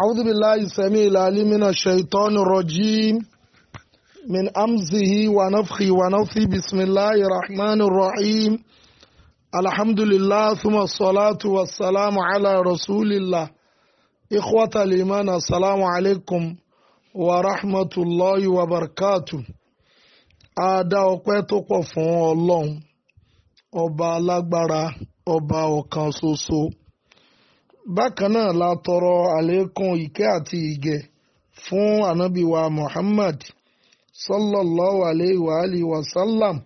أعوذ بالله السميع العليم من الشيطان الرجيم من أمزه ونفخه ونفثه بسم الله الرحمن الرحيم الحمد لله ثم الصلاة والسلام على رسول الله إخوة الإيمان السلام عليكم ورحمة الله وبركاته ada ọpẹ́ tó pọ̀ fún ọlọ́run ọba alágbára ọba ọ̀kan bákan náà la tọrọ àlékún ìkẹ́ àti ìgẹ̀ fún ànábì wa Muhammad sallallahu alayhi wa alihi wa sallam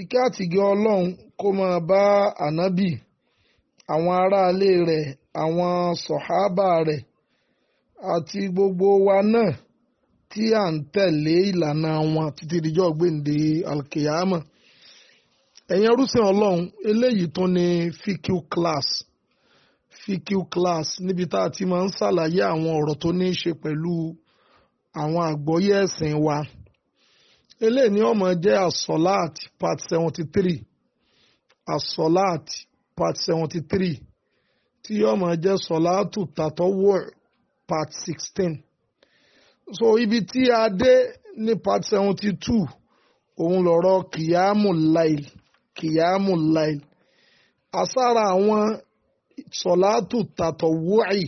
ìkẹ́ àti ìgẹ̀ ọlọ́run kó máa bá ànábì àwọn aráalé rẹ̀ àwọn sọ̀hábà rẹ̀ àti gbogbo wa náà tí à ń tẹ̀lé ìlànà wọn títí dijọ́ gbèǹde alkiyama ẹ̀yin arúsìn ọlọ́run eléyìí tún ni fiqhu class fikiu class níbi tá a ti máa ń ṣàlàyé àwọn ọ̀rọ̀ tó ní í ṣe pẹ̀lú àwọn àgbọ́yé ẹ̀sìn wa eléyìí ni ọmọ jẹ́ asolat part seventy three asolat part seventy three tí ọmọ jẹ́ solatu tatọ́wọ́ part sixteen so ibi tí a dé ní part seventy two òun lọ̀rọ̀ kìyàmù lail kìyàmù lail àsára àwọn sọ̀látù tàtọ̀ wúwàì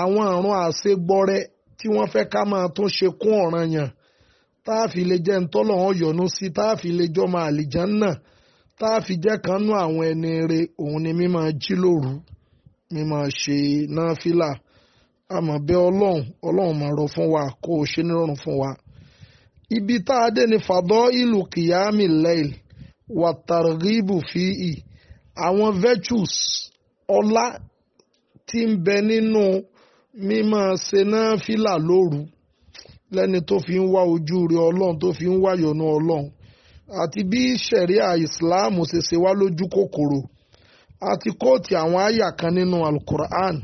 àwọn àrùn àṣegbọrẹ tí wọ́n fẹ́ ká máa tún ṣe kún ọ̀ràn yàn tá a fi lè jẹ́ ntọ́lọ́hún yọ́nú sí tá a fi lè jọmọ àlìjánná tá a fi jẹ́ kan àwọn ẹni re òun ni mímọ jí lóru mímọ ṣe náfìlà àmọ́ bẹ́ ọlọ́run ọlọ́run máa rọ fún wa kó o ṣe nírọ̀rùn fún wa. ibi tá a dé ni fàdọ́ ìlú kìyàmì lẹ́yìn wàtàrgìbù fi àwọn virtues ọlá tí ń bẹ nínú mímọ ṣe náà fìlà lóru lẹ́ni tó fi ń wá ojú rẹ ọlọ́run tó fi ń wá yọ́nú ọlọ́run àti bí ṣẹ̀ríà ìsìláàmù ṣe ṣe wá lójú kòkòrò àti kóòtì àwọn àyà kan nínú alukur'an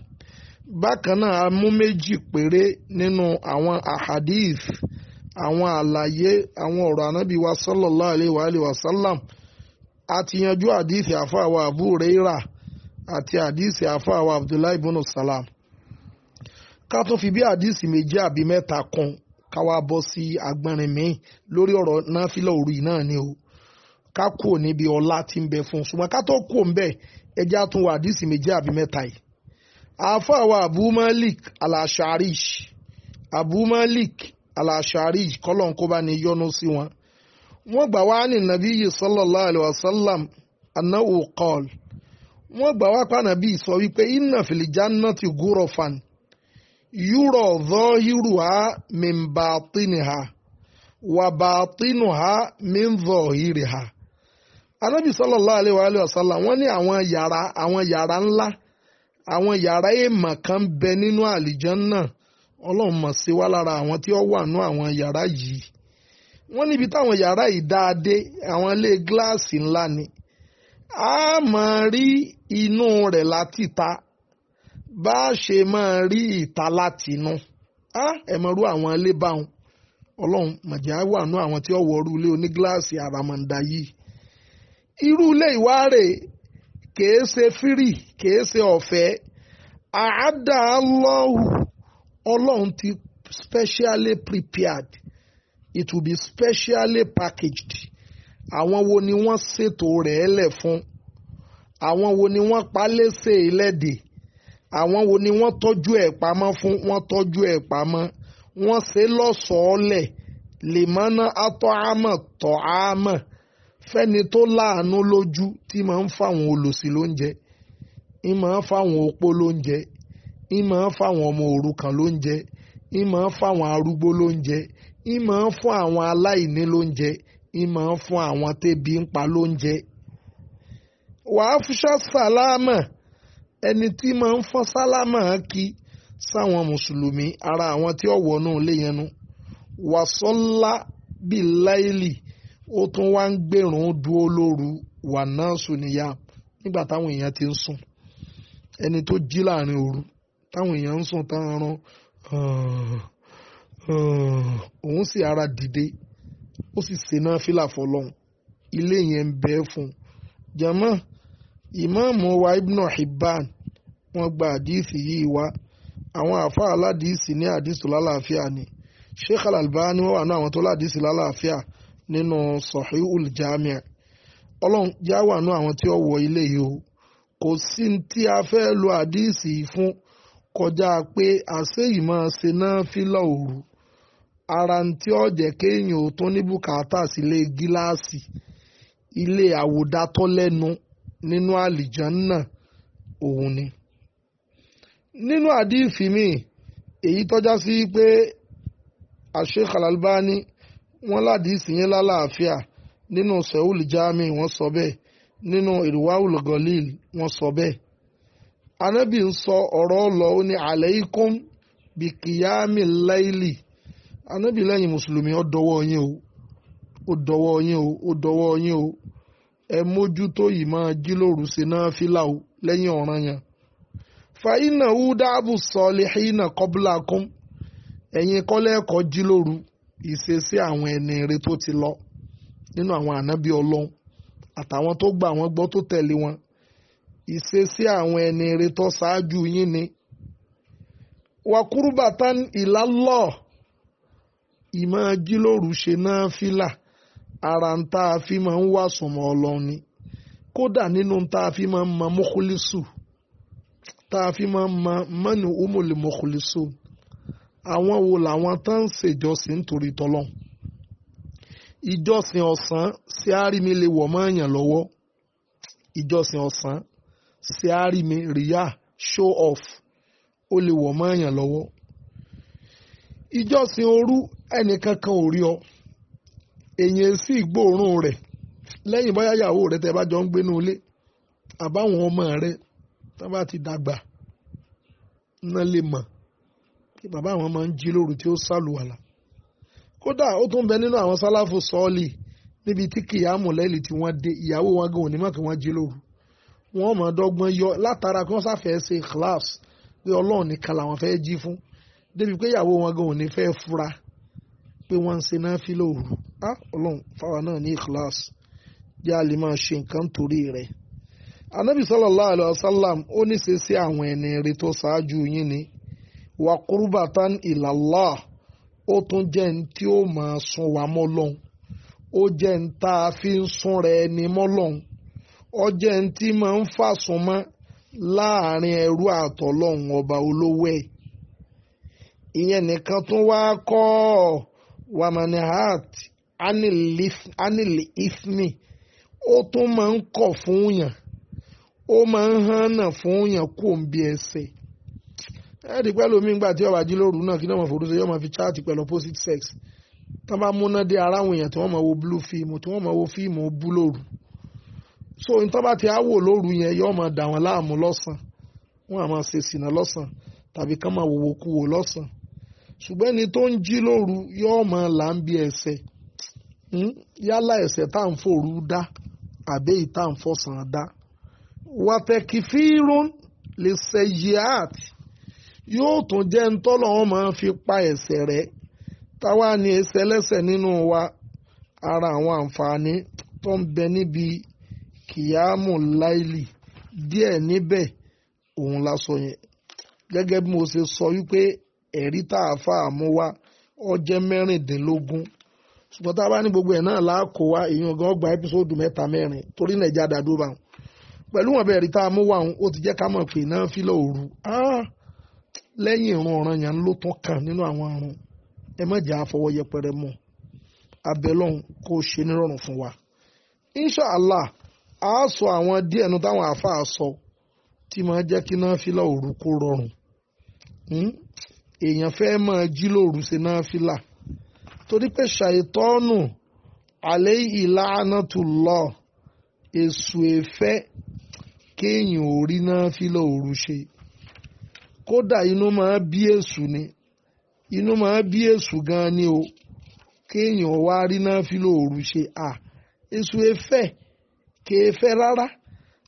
bákan náà a mú méjì péré nínú àwọn ahadith àwọn àlàyé àwọn ọ̀rọ̀ ànábì wa sallallahu alayhi wa sallam àti yanjú àdìsí àfàwà àbúrẹ́ra àti àdìsí àfáàwọ̀ abdullahi ibùnú salam ká tún fi bí àdìsí méjì àbí mẹ́ta kan ká wá bọ́ sí agbọ́nrin míì lórí ọ̀rọ̀ náfìlà òru yìí náà ni o ká kúrò níbi ọlá tí ń bẹ fún un ṣùgbọ́n ká tó kúrò ń bẹ̀ ẹ jẹ́ á àdìsí méjì àbí mẹ́ta yìí àfáàwọ̀ abu malik alasharish abu malik alasharish kọ́lọ́n kó bá ní yọ́nú sí wọn wọ́n gbà wá ní nàbí yìí sallallahu alaihi wasallam annahu qala wọ́n gbà wá pàànà bíi sọ wípé iná fìlìjà náà ti gúrọ̀ fan yúrọ̀ zọ́hírù ha mìmbàtínì ha wàbàtínù ha mìmbọ̀hírì ha. anábì sallallahu alaihi wa alihi wasallam wọ́n ní àwọn yàrá àwọn yàrá ńlá àwọn yàrá èèmọ̀ kan bẹ nínú àlìjánnà ọlọ́run mọ̀ sí lára àwọn tí ó wà nú àwọn yàrá yìí wọ́n níbi táwọn yàrá àwọn ilé gíláàsì ni. a máa rí inú rẹ̀ láti ta bá a ṣe máa rí ìta láti inú a ẹ̀ mọ̀ rú àwọn ilé báwọn ọlọ́run mọ̀jẹ̀ á wà nú àwọn tí ó wọ̀ọ́rú ilé onígíláàsì àràmọ̀ǹdà yìí irú ilé ìwárè kèé ṣe fírì kèé ṣe ọ̀fẹ́ àádá lọ́hùn ọlọ́run ti specially prepared it will be specially packaged àwọn wo ni wọ́n ṣètò rẹ̀ lẹ̀ fún àwọn wo ni wọ́n pa léṣe ẹlẹ́dẹ̀ àwọn wo ni wọ́n tọ́jú ẹ̀ pamọ́ fún wọ́n tọ́jú ẹ̀ pamọ́ wọ́n ṣe lọ́sọ̀ọ́ lẹ̀ lèmọ́nà àtọ́hámọ̀ tọ́hámọ̀ fẹ́ni tó láàánú lójú tí máa ń fáwọn olòṣì lóúnjẹ ń máa ń fáwọn opó lóúnjẹ ń máa ń fáwọn ọmọ òrukàn lóúnjẹ ń máa ń fáwọn arúgbó lóúnjẹ ń máa ń fún àwọn aláìní lóúnjẹ ìmọ̀ ń fún àwọn tẹ́bi ń pa lóúnjẹ. wàá fúnṣà sálámà ẹni tí máa ń fọ́n sálámà kí sáwọn mùsùlùmí ara àwọn tí ó wọnú ilé yẹn nu wàsọ́lá bíi láìlì ó tún wá ń gbèrún dúó lóru wà náà sùn níyà nígbà táwọn èèyàn ti ń sùn ẹni tó jí láàrin òru táwọn èèyàn ń sùn táwọn ran òun sì ara dìde ó sì ṣe náfìlà fọlọ́hún ilé yẹn ń bẹ fún un jàmọ́ ìmáàmù wa ibnu hibban wọ́n gba àdìsí yìí wá àwọn àáfàá aládìsí ní àdìsí lálàáfíà ni sheikh al-albani wọ́n wà ní àwọn tó ládìsí lálàáfíà nínú sahihul jami'a ọlọ́run já wà ní àwọn tí ó wọ ilé yìí o kò sí tí a fẹ́ lo àdìsí fún kọjá pé àṣẹ yìí máa ṣe náfìlà òru ara ń tí ó jẹ́ kéèyàn ò tó ní bùkátà sílé gíláàsì ilé àwòdátọ́lẹ́nu nínú àlìjánná òun ni. nínú àdìfí mi èyí tọ́já sí pé Sheikh Al-Albani wọ́n ládìísì yẹn lálàáfíà nínú sẹ́wùlì jami wọ́n sọ bẹ́ẹ̀ nínú ìrìwáwùl gọ́lìl wọ́n sọ bẹ́ẹ̀. anábì ń sọ ọ̀rọ̀ lọ ó ní alaykum bìkìyàmì láìlì anábì lẹ́yìn mùsùlùmí ó dọwọ́ yín o ó dọwọ́ yín o ó dọwọ́ yín o ẹ mójútó yìí máa jí lóru ṣe náfìlà o lẹ́yìn ọ̀ràn yẹn fàyínà wúdàbù sọlẹ̀hínà kọ́bùlà kún ẹ̀yin kọ́lẹ́ẹ̀kọ́ jí lóru ìṣesí àwọn ẹni ire tó ti lọ nínú àwọn ànábì ọlọ́run àtàwọn tó gbà wọ́n gbọ́ tó tẹ̀lé wọn ìṣesí àwọn ẹni ire tó ṣáájú yín ni wàkúrúbàtán ìlàlọ́ọ̀ ìmọ̀ jílòrú ṣe náà fìlà ara ń tá a fi máa ń wá sọmọ ọlọ́run ni kódà nínú tá a fi máa ń mọ mọ́kúlísù tá a fi máa ń mọ mọ́ni umoli mọ́kúlísù àwọn wo làwọn tó ń ṣèjọsìn nítorí tọ́lọ́hún ìjọsìn ọ̀sán ṣé àrími lè wọ̀ mọ́ èèyàn lọ́wọ́ ìjọsìn ọ̀sán ṣé àrími rìyà show off ó lè wọ̀ mọ́ èèyàn lọ́wọ́ ìjọsìn òru ẹnìkankan ò rí ọ èyàn sì gbóòórùn rẹ̀ lẹ́yìn bóyá ìyàwó rẹ̀ tẹ́ bá jọ ń gbénú ilé àbáwọn ọmọ rẹ̀ tó bá ti dàgbà náà lè mọ̀ kí bàbá àwọn máa ń jí lóru tí ó sàlùwàlà kódà ó tún bẹ nínú àwọn sáláfù sọ́ọ̀lì níbi tí kìyàmù lẹ́lì tí wọ́n dé ìyàwó wọn gan onímọ̀ kí wọ́n jí lóru wọ́n mọ̀ dọ́gbọ́n yọ látara kí wọ́n sáfẹ́ ṣe class pé ọlọ́run nìkan làwọn fẹ́ jí fún débi pé ìyàwó wọn gan òní fura pé wọ́n ń ṣe náfìlà òru á ọlọ́run fáwa náà ní ìkíláàsì jẹ́ a lè máa ṣe nǹkan torí rẹ̀. anabi sallallahu alayhi wa sallam ó ní ṣe sí àwọn ẹni rẹ̀ tó ṣáájú yín ni wà kúrúbàtán ìlàlá ó tún jẹ́ ní tí ó máa sun wà mọ́ lọ́hùn ó jẹ́ ní tá a fi ń sun rẹ̀ ni mọ́ ó jẹ́ ní tí máa ń fàsùn mọ́ láàrin ẹrú àtọ̀lọ́hùn ọba olówó ẹ̀ ìyẹn nìkan tún wá kọ́ ọ́ wàmánihàt heart ifmi ó tún máa ń kọ̀ fún yàn ó máa ń hànà fún yàn kó ń bí ẹsẹ̀ ẹ̀ẹ́dì pẹ́ lómi ńgbà tí lọrụ lóru náà kí náà fi chaati pẹ̀lú opposite sex tán bá múná dé ara àwọn èèyàn tí wọ́n máa wo blue film tí wọ́n máa wo fíìmù bú lóru so nítorí bá ti á lóru yẹn yóò máa dà wọ́n láàmú lọ́sàn wọ́n á máa ṣe sìnà lọ́sàn ṣùgbọ́n ẹni tó ń jí lóru yóò mọ làǹbí ẹsẹ̀ hmm? yálà ẹsẹ̀ tá à ń fòru dá àbẹ́ yìí tá à ń fọ̀sán dá wàtẹ̀kìfírún lè ṣẹ̀yẹ àti yóò tún jẹ́ ń tọ́lọ̀ wọn máa fi pa ẹ̀ṣẹ̀ rẹ̀ táwa ni ẹ̀ṣẹ̀ lẹ́ṣẹ̀ nínú wa ara àwọn àǹfààní tó ń bẹ níbi kìyàmù láìlì díẹ̀ níbẹ̀ òun la sọ yẹn gẹ́gẹ́ bí mo ṣe sọ wípé ẹ̀rí tá a fà á mú wá ó jẹ́ mẹ́rìndínlógún ṣùgbọ́n tá a bá ní gbogbo ẹ̀ náà láàkó wá èèyàn gan gba ẹ́písòdù mẹ́ta mẹ́rin torí nàìjà dàdó bá wọn pẹ̀lú wọn bẹ́ẹ̀ rí tá a mú wá wọn ó ti jẹ́ ká mọ̀ pé náà fílẹ̀ òru ah! lẹ́yìn ìrun ọ̀ràn yẹn ló tán kàn nínú àwọn àrùn ẹ má jẹ́ àfọwọ́ yẹpẹrẹ mọ́ abẹ́lọ́hún kó ṣe nírọ̀rùn fún wa inshallah a sọ àwọn díẹ̀ nu táwọn àáfàá sọ tí máa jẹ́ kí náà fílẹ̀ òru kó rọrùn hmm? èèyàn fẹ́ máa jí lóru ṣe náà fìlà torí pé ṣàìtọ́nù àlẹ́ ìlànà tó lọ èṣù èfẹ́ kéèyàn ò rí náà fìlà òru ṣe kódà inú máa bí èṣù ni inú máa bí èṣù gan ni o kéèyàn wá rí náà fìlà òru ṣe à èṣù èfẹ́ kéèfẹ́ rárá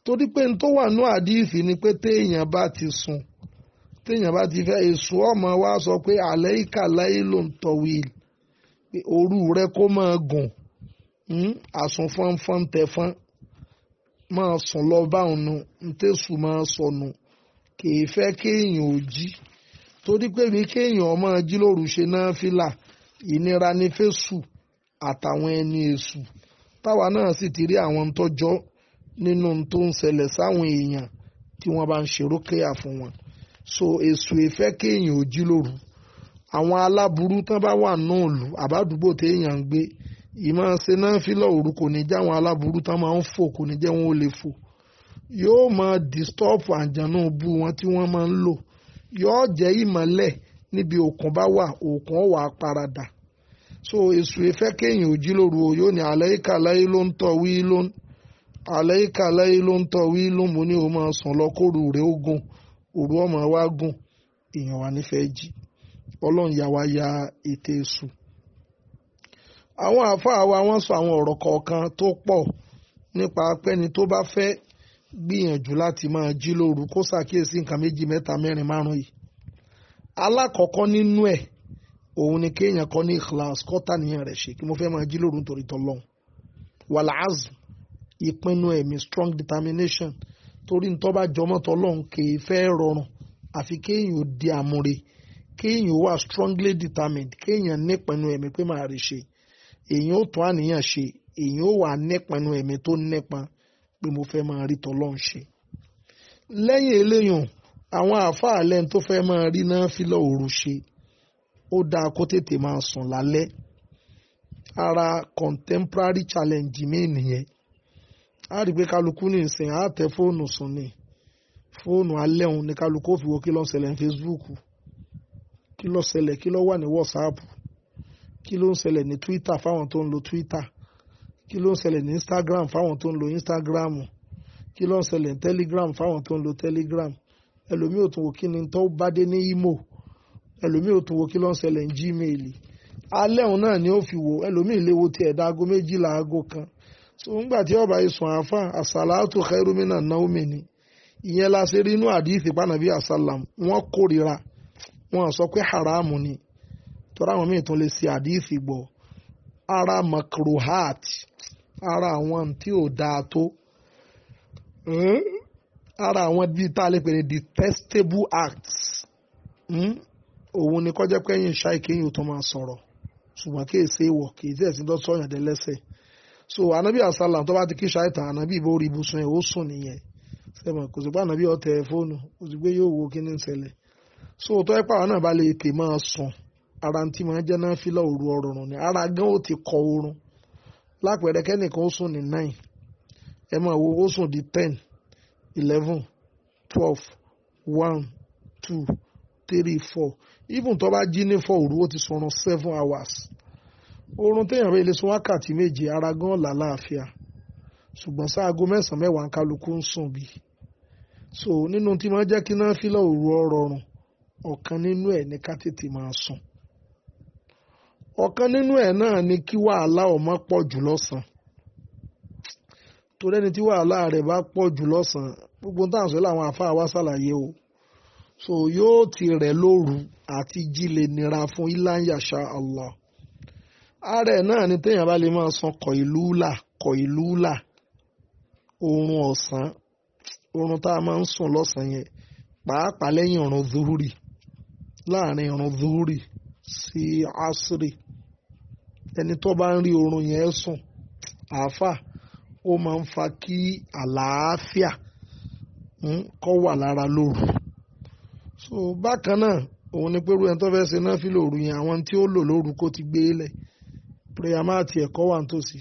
torí pé n tó wà ní àdìsí ni pé téèyàn bá ti sùn téèyàn bá ti fẹ́ èso ọmọ wa sọ pé àlẹ́ ìkàláyé ló ń tọ̀wé òru rẹ kó máa gùn hmm? àsùn fọ́nfọ́n tẹ̀fọ́n máa sùn lọ báwọn nu ntẹ̀sùn máa sọnù kìí fẹ́ kéèyàn ò jí torí pé mi kéèyàn ọmọ jí lóru ṣe náà fìlà ìnira ní fésù àtàwọn ẹni èṣù táwa náà sì ti rí àwọn tọjọ́ nínú tó ń ṣẹlẹ̀ sáwọn èèyàn tí wọ́n bá ń ṣerú kéyà fún wọn so èso ìfẹ́ kéèyàn ò jí lóru àwọn aláburú tán bá wà náà lù àbádúgbò téèyàn ń gbé ìmọ̀ ṣe náà fílọ̀ òru kò ní jẹ́ àwọn aláburú tán máa ń fò kò ní jẹ́ wọn ò lè fò yóò máa disturb àjànà bú wọn tí wọ́n máa ń lò yóò jẹ́ ìmọ́lẹ̀ níbi òkun bá wà òkun ó wà paradà so èso ìfẹ́ kéèyàn ò jí lóru o yóò ní àlẹ́ ìkàlẹ́ ló ń tọ̀ wí ló ń àlẹ́ ìkàlẹ́ ló ń tọ̀ wí ló ń mo ní òru ọmọ wa gùn èèyàn wa nífẹ̀ẹ́ jí ọlọ́run yà wá ya ètè èṣù. àwọn àáfàá wa wọ́n sọ àwọn ọ̀rọ̀ kọ̀ọ̀kan tó pọ̀ nípa pẹ́ni tó bá fẹ́ gbìyànjú láti máa jí lóru kó ṣàkíyèsí nǹkan méjì mẹ́ta mẹ́rin márùn-ún yìí. alákọ̀ọ́kọ́ nínú ẹ̀ òun ni kéèyàn kọ́ ní ìkìláàsì kọ́tà nìyẹn rẹ̀ ṣe kí mo fẹ́ máa jí lóru nítorí tọ́lọ́hún wàláàzù ìpinnu ẹ̀mí strong determination torí ní tọ́ba jọmọ́tọ́ ọlọ́run kìí fẹ́ rọrùn àfi kéèyàn ó di àmúre kéèyàn wà strongly determined kéèyàn nípinnu ẹ̀mí pé màá rí ṣe èyàn ó tún àníyàn ṣe èyàn ó wà nípinnu ẹ̀mí tó nípọn pé mo fẹ́ máa rí tọ́lọ́run ṣe. lẹ́yìn eléyàn àwọn àáfàá lẹ́nu tó fẹ́ máa rí náà fílọ̀ òru ṣe ó dáa kó tètè máa sùn lálẹ́ ara contemporary challenge mi nìyẹn á rí i pé kálukú ní ìsìn á tẹ fóònù sùn ni fóònù alẹ́ òun ni kálukú ó fi wo kí ló ṣẹlẹ̀ ní Facebook kí ló ṣẹlẹ̀ kí ló wà ní WhatsApp kí ló ń ṣẹlẹ̀ ní Twitter fáwọn tó ń lo Twitter kí ló ń ṣẹlẹ̀ ní Instagram fáwọn tó ń lo Instagram kí ló ń ṣẹlẹ̀ ní Telegram fáwọn tó ń lo Telegram ẹlòmíì ò tún wo kí ni tó bá dé ní Imo ẹlòmíì ò tún wo kí ló ń ṣẹlẹ̀ ní Gmail alẹ́ òun náà ni ó fi wo ẹlòmíì léwo tiẹ̀ dáago méjìlá aago kan nígbà tí ọba ìsùn àáfà àsàlátù kẹrùmínà naomi ni ìyẹn la ṣe rí inú àdìsí pànàbí àsàlám wọ́n kórìíra wọ́n sọ pé haramu ni tọ́ra àwọn míì tún lè ṣe àdìsí gbọ́ ara makrohat ara àwọn tí ò dáa tó hmm? ara àwọn bíi tá a lè pè ní detestable acts hmm? òun ni kọjá pé ẹ̀yìn ṣáì kéyìn tó máa sọ̀rọ̀ ṣùgbọ́n kì í ṣe kì í ṣe ẹ̀sìn dẹ́lẹ́sẹ̀ so anabi asalam tó bá ti kí ṣáìtàn anabi ìbò orí ibùsùn ẹ̀ ó sùn nìyẹn sẹ́mọ̀ kò sì pé anabi ó tẹ fóònù kò sì pé yóò wo kí ní ṣẹlẹ̀ so tó ẹ pàrọ̀ náà bá lè tè máa sùn ara tí máa jẹ́ náà fílà òru ọ̀rọ̀ ni ara gan ó ti kọ oorun lápẹẹrẹ kẹ́nìkan ó sùn ní nine ẹ máa wo ó sùn di ten eleven twelve one two three four even tó bá jí ní four òru ó ti sọ̀rọ̀ seven hours oorun téèyàn bẹ́ẹ̀ lè sun wákàtí méje ara gan làlàáfíà ṣùgbọ́n sáago mẹ́sàn-án mẹ́wàá ń kálukú ń sùn bí so nínú tí máa jẹ́ kí náà fílẹ̀ òru ọrọ̀rùn ọ̀kan nínú ẹ̀ ní ká tètè máa sùn ọ̀kan nínú ẹ̀ náà ni kí wàhálà ọmọ pọ̀ jù lọ́sàn torí ẹni tí wàhálà rẹ̀ bá pọ̀ jù lọ́sàn gbogbo táwọn sọ làwọn àfáà wá ṣàlàyé o so yóò ti rẹ̀ lóru àti jí lè nira fún iláyàṣá Allah ààrẹ náà ni téèyàn bá lè máa san kọ ìlú là kọ̀ ìlú là oorun ọ̀sán oorun tá a máa ń sùn lọ́sàn-án yẹn pàápàá lẹ́yìn ọ̀run zuhuri láàrin asiri ẹni tó bá ń rí oorun yẹn sùn àáfà ó máa ń fa kí àlàáfíà hmm, kó wà lára lóru so bákan náà òun ni pé irú ẹni tó fẹ́ ṣe náà fi lóru yẹn àwọn tí ó lò ti gbé lẹ̀ prayer mat ẹ̀kọ́ wà nítòsí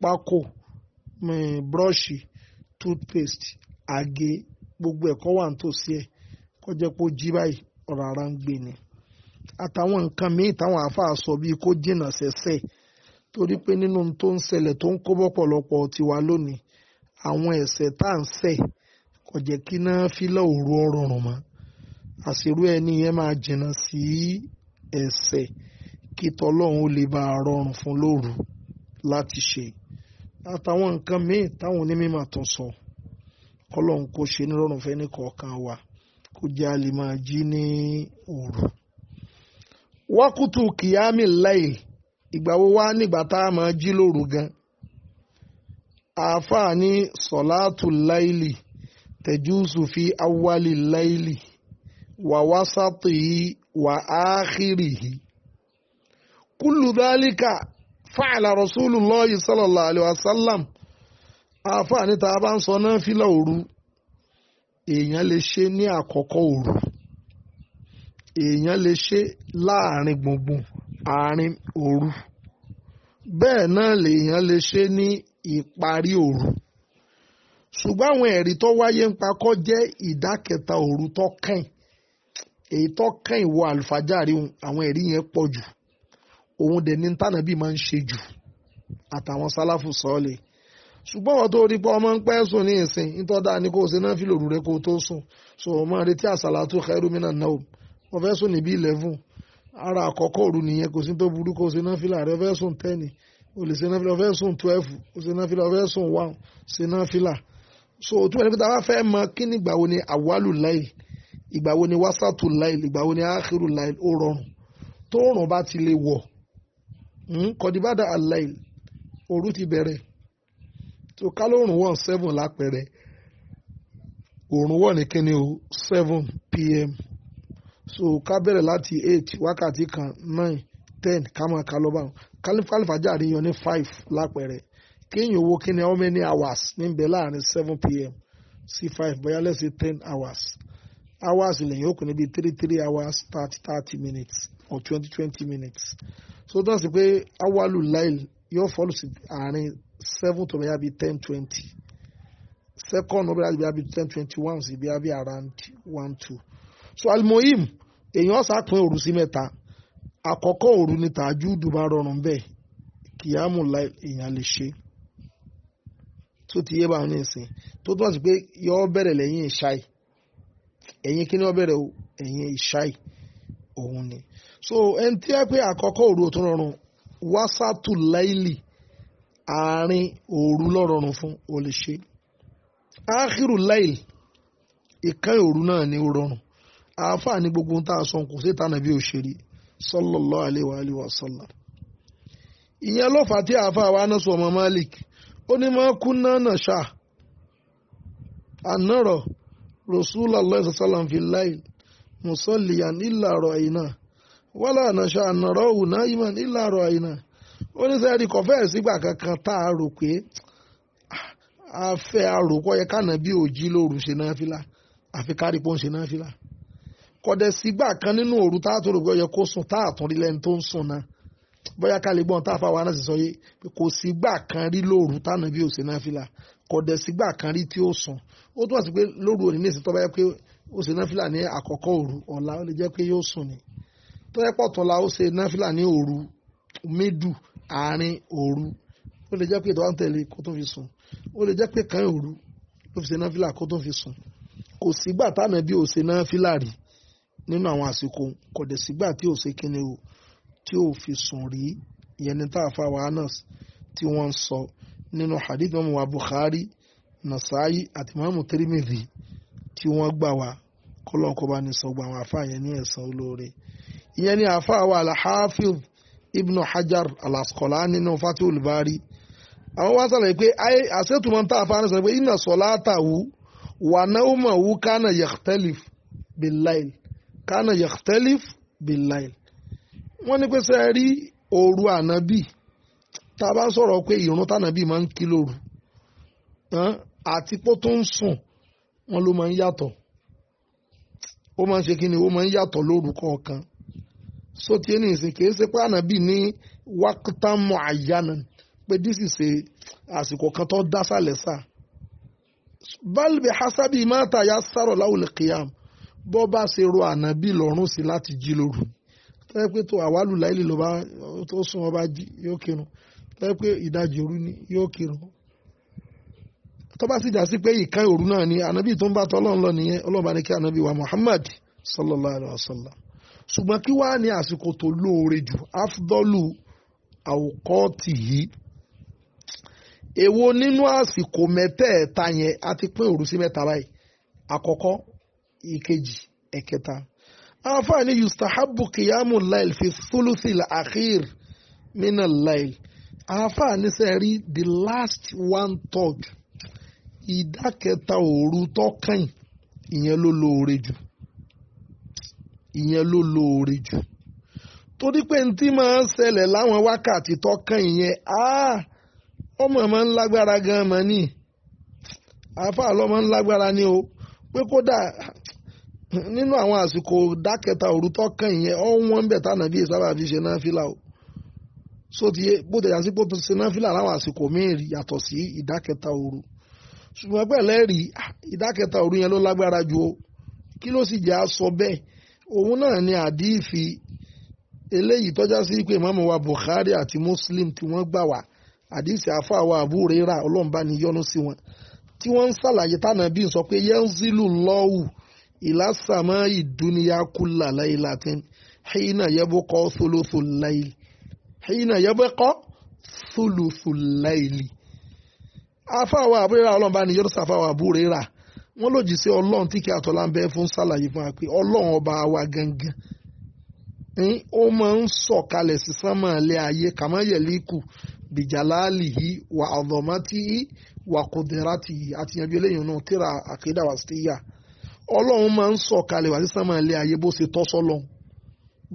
pákó búrọ́ọ̀ṣì toothpaste age, gbogbo ẹ̀kọ́ wà nítòsí ẹ̀ kó jẹ́ pé ó jí báyìí ọ̀rọ̀ ara ń gbé ni àtàwọn nǹkan míì táwọn àáfàá sọ bíi kó jìnnà sẹ́sẹ́ torí pé nínú tó ń ṣẹlẹ̀ tó ń kó bọ́pọ̀lọpọ̀ tiwa lónìí àwọn ẹ̀ṣẹ̀ tá à ń ṣẹ̀ kò kí náà fílẹ̀ òru ọ̀rọ̀ rùn mọ́ àṣírú ẹni yẹn máa jìnnà sí ẹ̀ṣẹ̀ kí tọlọ́run ó lè bá a rọrùn fún lóru láti ṣe àtàwọn nǹkan míì táwọn onímọ̀ tó sọ kọlọ́run kó ṣe nírọ̀rùn fẹ́ni kọ̀ọ̀kan wa kó jẹ́ a lè máa jí ní òru. wákùtù kìámì láìl ìgbà wá nígbà tá a máa jí lóru gan àáfàá ní sọ̀láàtù láìlì tẹ̀júùsù fi awwali láìlì wà wásátì wà áàkìrì yìí kúlù dálíkà fáìlà Rasulullah sallallahu alaihi wasallam àfààní tá a bá ń sọ náà fílà ooru, èèyàn lè ṣe ní àkọ́kọ́ ooru, èèyàn lè ṣe láàrin gbùngbùn àárín òru bẹ́ẹ̀ náà lèèyàn ṣe ní ṣùgbọ́n àwọn ẹ̀rí tó wáyé ń òun dẹ̀ ní tànàbí máa ń ṣe jù àtàwọn sálàfù sọ́ọ̀lẹ̀ ṣùgbọ́n wọn tó rí pé ọmọ ń pẹ́ sùn ní ìsìn nítọ́ dáa ni kò ṣe náà fi lòrù rẹ kó tó sùn so o máa retí àsàlátù khairu minan naum wọ́n fẹ́ sùn níbi eleven ara àkọ́kọ́ òru nìyẹn kò sí tó burú kó ṣe náà fi làárẹ̀ fẹ́ sùn ten o náà fi lọ fẹ́ sùn twelve o ṣe náà fi lọ fẹ́ sùn one ṣe náà fi là so òtún ẹni pé tá a bá fẹ́ mọ kí ni ìgbà wo ni àwálù láì ìgbà wo wo Hmm? kọdíbàdà alail òru ti bẹ̀rẹ̀ tó kálórùn wọ̀ seven lápẹẹrẹ òrùn wọ̀ ní kíni o seven pm so ká bẹ̀rẹ̀ láti eight wákàtí kan nine ten ká máa ka lọ́ba kálífàjà àríyàn ní five lápẹẹrẹ kéèyàn owó kíni how many hours níbẹ̀ láàrin seven pm sí five bóyá lẹ́sìn ten hours hours lẹ́yìn ó kù níbi three three hours thirty thirty minutes or twenty twenty minutes so that's the way awalu lail yóò fọlù sí around seven to maybe ten twenty second no be maybe ten twenty one be maybe around one two so almohim èèyàn sàpín òru sí mẹ́ta àkọ́kọ́ òru ni tàjúdù bá rọrùn bẹ́ẹ̀ kìyàmù láì èèyàn lè ṣe tó ti yé báwọn nísìn tó túmọ̀ sí pé yọ bẹ̀rẹ̀ lẹ́yìn ìṣáì ẹ̀yìn kí ni wọ́n o ẹ̀yìn ìṣáì òun ni so ẹni tí ẹ pé àkọ́kọ́ òru òtún rọrùn wásátù láìlì àárín òru lọ́rọ̀rùn fún o lè ṣe áàkìrù láìlì ìkan òru náà ni ó rọrùn àáfàá ní gbogbo tá a sọ kò sí ìtànà bí òṣèré sallallahu alaihi wa alihi wa sallam ìyẹn ló fà tí àáfàá wa Anas ọmọ Malik ó ní máa kú náà náà ṣá ànárọ̀ Rasulullah sallallahu alaihi láìlì musalliyan illa ra'ayna náà wọ́n lànà ṣàǹrọ̀ òun náà ìmọ̀ nílàrọ̀ àìnà ó ní sẹ́ẹ̀rì kọ̀fẹ́ sígbà kankan tá a rò pé afẹ́ ah, àròkọ yẹ kánà bí òjì lóru ṣe náà fìlà àfi kárí pọ́n ṣe náà fìlà kọ̀dẹ̀ sígbà kan nínú òru tá a tó rò pé ó yẹ kó sùn tá a tún rí lẹ́ni tó ń sùn náà bóyá ká lè gbọ́n tá a fáwọn aláṣẹ sọ yé kò sígbà kan rí lóru tánà bí òṣè náà fìlà kọ̀dẹ̀ sígbà kan rí tí ó sùn ó túmọ̀ sí pé lóru òní ní ìsìn tó bá pé òṣè náà fìlà ní àkọ́kọ́ òru ọ̀la ó lè jẹ́ pé yóò sùn ni tó yẹ pọ̀ tọ́la ó ṣe náfìlà ní òru mídù àárín òru ó lè jẹ́ pé ìtọ́wá ń tẹ̀lé kó tó fi sùn ó lè jẹ́ pé kan òru ló fi ṣe náfìlà kó tó fi sùn kò sígbà táwọn ẹbí ò ṣe náfìlà rí nínú àwọn àsìkò kò dẹ̀ sígbà tí ò ṣe kíni o tí ò fi sùn rí ìyẹn ní táàfà wàhánàs tí wọ́n ń sọ nínú hadith mọ́mú wa Bukhari Nasa'i àti mọ́mú Tirmidhi tí wọ́n gbà wá kọ́lọ́n kó bá ní sọ gbà wọn àfáà ní ẹ̀san olóore ìyẹn ni àáfàá wa alhafiz ibnu hajar alasqalani nínú fatihul bari àwọn wá sàlàyé pé ayé àṣetùmọ̀ tá a fa ní sọ pé iná sọ̀látàwù wà náwùmọ̀wù kánà yàtẹ́lif bìláìl kánà yàtẹ́lif bìláìl wọ́n ní pé sẹ́ ẹ rí òru ànábì tá a bá ń sọ̀rọ̀ pé ìrun tànábì máa ń kí lóru àti pó tó ń sùn wọn ló máa ń yàtọ̀ ó máa ń ṣe kí ni ó máa ń yàtọ̀ lóru kọ̀ọ̀kan so tiẹ̀ ní ìsìn kìí ṣe pé ànábì ní wákútàmù àyànà pé this is a àsìkò kan tó dá sálẹ̀ sá balbi hasabi mata ya sárọ̀ láwùlẹ̀ kìyàm bọ́ bá ṣe ro ànábì lọ́rùn sí láti jí lóru tẹ́lẹ̀ pé tó àwálù láìlè lọ́ba tó sùn ọba jí yóò kírun tẹ́lẹ̀ pé ìdajì òru ni yóò kírun tó bá sì jà sí pé ìkan òru náà ni ànábì tó ń bá tọ́ ọlọ́run lọ nìyẹn ọlọ́run bá ní kí wa Muhammad sallallahu alayhi wa ṣùgbọ́n kí wàá ní àsìkò tó lóore jù afdọ́lù àwòkọ́ọ̀tì yìí èwo nínú àsìkò mẹ́tẹ̀ẹ̀ta yẹn a ti pín òru sí mẹ́ta báyìí àkọ́kọ́ ìkejì ẹ̀kẹta àǹfààní yustahabu kiyamu lail fi thuluthil akhir minal lail àǹfààní sẹ́rí the last one third ìdá kẹta òru tọ́kàn ìyẹn ló lóore jù ìyẹn ló lóore jù torí pé n tí máa ń ṣẹlẹ̀ láwọn wákàtí tọ́kàn ìyẹn ah, ọmọ ọmọ ń lágbára gan-an mọ́ ni àáfàá lọ́mọ ń ni o pé kódà nínú àwọn àsìkò dákẹ́ta òru tọ́kàn ìyẹn ọ̀wọ́n ń bẹ̀ tánà bí ìsábà fi ṣe náfìlà o so ti bó tẹ̀yà sí pé tó ṣe náfìlà láwọn àsìkò mẹ́rin yàtọ̀ sí ìdákẹ́ta òru ṣùgbọ́n pẹ̀lẹ́ rí ah, ìdákẹ́ta òru yẹn ló lágbára ju o kí ló sì jẹ́ àsọ bẹ́ẹ̀ òun náà ni àdíìsì eléyìí tọ́já sí pé màmú wa Bukhari àti Muslim tí wọ́n gbà wá àdíìsì àfa wa àbúrò rà ọlọ́mbà ni yọ́nú sí wọn tí wọ́n ń ṣàlàyé tánà bí n sọ pé yanzilu lọ́wù ìlàsàmọ́ ìdúnìyà kúlà láìlátín hìnà yẹ́bùkọ́ sólóṣù láìlì hìnà yẹ́bùkọ́ sólóṣù láìlì afáwa àbúrò rà ọlọ́mbà ni yọ́nú sí àfáwa àbúrò rà wọ́n lòdì sí ọlọ́run tí kí àtọ́lá ń bẹ fún ṣàlàyé fún wa pé ọlọ́run ọba wa gangan ó máa ń sọ̀kalẹ̀ sí sánmọ̀ ilé ayé kàmáyẹ̀líkù bìjàláàlìhí wà ọ̀dọ̀mátìhí wà kùdìrátìhí àti yanjú eléyìí náà tíra àkédà wà sí tíyà ọlọ́run máa ń sọ̀kalẹ̀ wà sí sánmọ̀ ilé ayé bó ṣe tọ́sọ́ lọ́n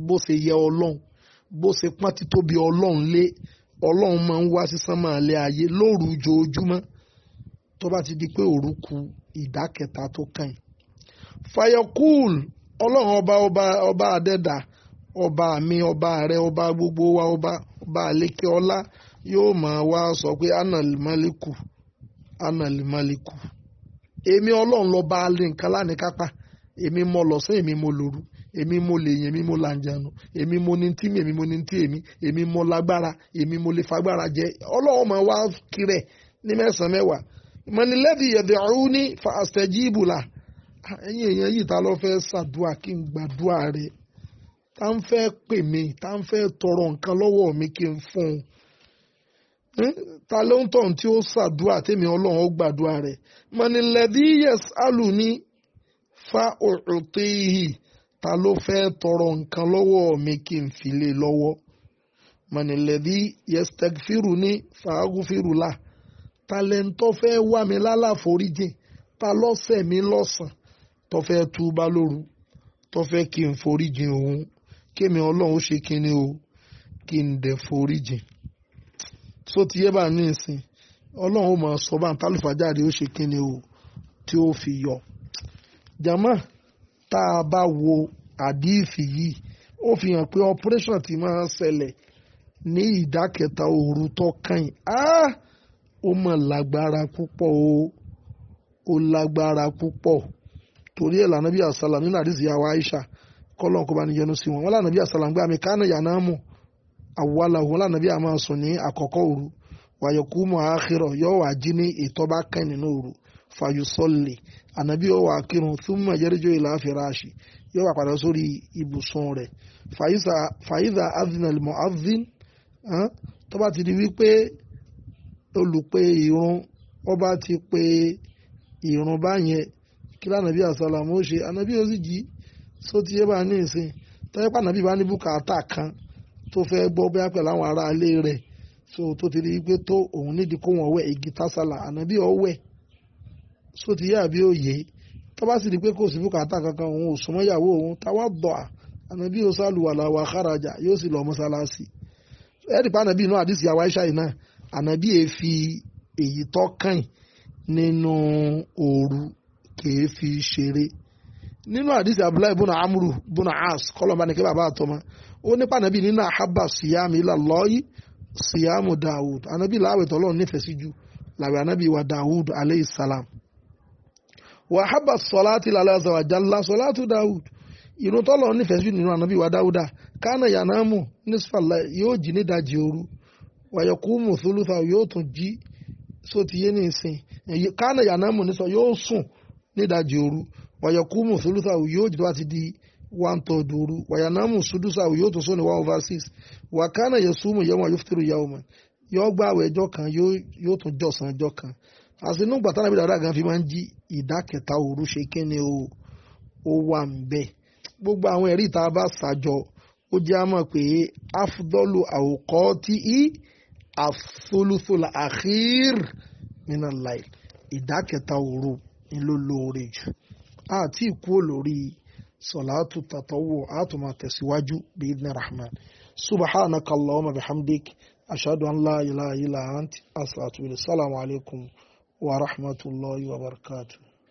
bó ṣe yẹ ọlọ́run bó ṣe pọ́n títóbi ọlọ́run lé ọlọ́run máa ń wá sí sánmọ̀ ilé ayé lóru ojoojúmọ́ tó bá ti di pé òru kù ìdá kẹta tó kàn fayokul ọlọ́run ọba ọba ọba adẹ́dà ọba àmì ọba ààrẹ ọba gbogbo wa ọba ọba àlékè ọlá yóò máa wá sọ pé anal maliku èmi ọlọ́run lọ́ba alẹ́ nǹkan lánìí emi mo lọ́sàn èmi mo èmi mo lèyìn èmi mo èmi mo ní tí mi èmi mo lè fagbára mọ̀nìlẹ́dì yẹ̀dẹ̀rú ní fàṣẹ̀jìbùlà ẹ̀yin èèyàn yìí ta ló fẹ́ ṣàdúà kí n gbàdúà rẹ̀ tá ń fẹ́ pè mí tá ń fẹ́ tọrọ nǹkan lọ́wọ́ mi kí n fún un hm? ta ló ń tọ̀hún tí ó ṣàdúà tèmi ọlọ́run ó gbàdúà rẹ̀ mọ̀nìlẹ́dì yẹ̀s alù ní fa òrùtẹ́yì ta ló fẹ́ tọrọ nǹkan lọ́wọ́ mi kí n fi lé lọ́wọ́ mọ̀nìlẹ́dì yẹ̀s tẹ̀gfìrù ní fàágùfìrù láà ta lẹ́ni tó fẹ́ wá mi lálàforíjìn ta lọ́sẹ̀ mi lọ́sàn tó fẹ́ túbá lóru tó fẹ́ kí n foríjìn òun kémi ọlọ́run ṣe kíni o kí n dẹ̀ foríjìn tó ti yé bá ní ìsìn ọlọ́run ó mọ̀ sọ bá ń tálùfájáde ó ṣe kíni o tí ó fi yọ. jama tá a bá wo àdíìsì yìí ó fi hàn pé operation ti máa ń ṣẹlẹ̀ ní ìdá kẹta òru tó kàn yín ó mọ̀ lágbára púpọ̀ o ó lágbára púpọ̀ torí ẹ̀ lànà bí àṣàlà nínú àdìsí àwa Aisha kọ́lọ́n kó bá ní yẹnu sí wọn wọn lànà bí àṣàlà ń gbà mí kánà yànnà mọ̀ àwòwálà òun lànà bí a máa sùn ní àkọ́kọ́ òru wàyọ̀kú mọ̀ àkírọ̀ yóò wá jí ní ètò bá kàn nínú òru fàyùsọ̀lẹ̀ ànàbí yóò wá kírun túmọ̀ yẹ́rìjọ́ ìlà àfẹ́ráṣì yóò wá padà sórí ibùsùn rẹ̀ fàyíza azinal mu'azin tó bá ti di wípé olùpè ìrun ó bá ti pe ìrun báyẹn kí lànàbí àsálàmù ó ṣe ànàbí ó sì jí sóti yé bá ní ìsìn tọ́jú pànàbí bá ní bùkátà kan tó fẹ́ gbọ́ bóyá pẹ̀lú àwọn ará ilé rẹ̀ so tó ti rí pé tó òun nídìí kó wọn wẹ̀ igi tásálà ànàbí ó wẹ̀ sóti yé àbí òye tó bá sì rí pé kò sí bùkátà kankan òun ò súnmọ́ ìyàwó òun táwa bọ̀ à ànàbí ó sálùwàlà wà kárajà yóò sì lọ mọ́sálásí ẹ̀ẹ́dì pànàbí inú àdìsí àwa náà ànábì èéfi èyí tó kàn nínú òru kèé fi ṣeré nínú àdìsí abdullahi bùnà amúrù bùnà as kọlọmba ní kí bàbá àtọmọ ó nípa ànábì nínú àhábà síyáàmù ilà lọ́ọ̀yì síyáàmù dawud ànábì láàwẹ̀ tọ́lọ́ nífẹ̀ẹ́ sí jù làwẹ̀ ànábì wa dawud aleyhi salam wà áhábà sọláàtì lálẹ́ àzàwàjálá sọláàtù dawud ìrùn tọ́lọ́ nífẹ̀ẹ́ sí nínú ànábì wa dawuda kánà yànnàmù nísfàlà yóò jí nídàjì òru wàyẹ̀kúmù sólùsà yóò tún jí sótìyé ní ìsìn kánà yànnàmù nísọ yóò sùn nídàjì òru wàyẹ̀kúmù sólùsà yóò jù wá ti di one third òru wàyànnàmù sódùsà yóò tún sùn ní one over six wàkánà yẹ̀sùmù yẹ̀wọ̀n yóò fìtìrù yàwó mọ̀ yóò gbà àwẹ̀ ẹjọ́ kan yóò tún jọ̀sán ẹjọ́ kan àti inú gbàtà nàbí dàda gan fi máa ń jí ìdá kẹta òru ṣe kí ni o ó wà ń bẹ gbogbo àwọn ẹ̀rí ìta bá ṣàjọ ó jẹ́ afolufola akhir minal layl ìdá kẹta òru ni ló lóore jù àti ìkú olórí salatu tatawwu àtúmọ̀ tẹ̀síwájú bi'idhni rahman subhanaka allahumma bihamdik ashhadu an la ilaha illa ant asalatu salamu alaykum wa rahmatullahi wa barakatuh.